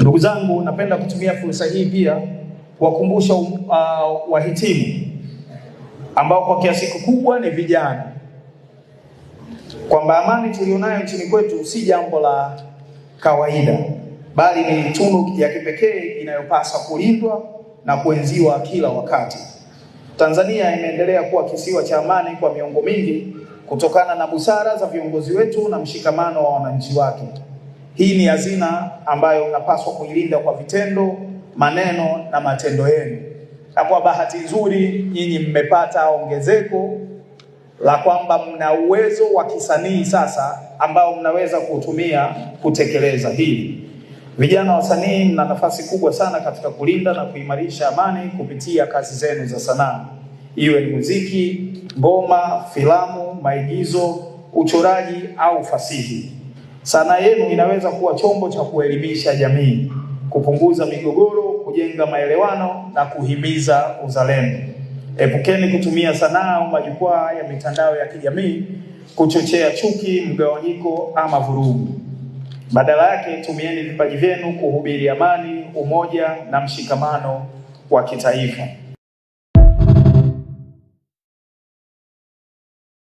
Ndugu zangu, napenda kutumia fursa hii pia kuwakumbusha uh, wahitimu ambao kwa kiasi kikubwa ni vijana kwamba amani tulionayo nchini kwetu si jambo la kawaida, bali ni tunu ya kipekee inayopasa kulindwa na kuenziwa kila wakati. Tanzania imeendelea kuwa kisiwa cha amani kwa miongo mingi kutokana na busara za viongozi wetu na mshikamano wa wananchi wake. Hii ni hazina ambayo unapaswa kuilinda kwa vitendo, maneno na matendo yenu. Na kwa bahati nzuri, nyinyi mmepata ongezeko la kwamba mna uwezo wa kisanii sasa ambao mnaweza kuutumia kutekeleza hili. Vijana wasanii, mna nafasi kubwa sana katika kulinda na kuimarisha amani kupitia kazi zenu za sanaa, iwe ni muziki, ngoma, filamu, maigizo, uchoraji au fasihi. Sanaa yenu inaweza kuwa chombo cha kuelimisha jamii, kupunguza migogoro, kujenga maelewano na kuhimiza uzalendo. Epukeni kutumia sanaa au majukwaa ya mitandao ya kijamii kuchochea chuki, mgawanyiko ama vurugu. Badala yake, tumieni vipaji vyenu kuhubiri amani, umoja na mshikamano wa kitaifa.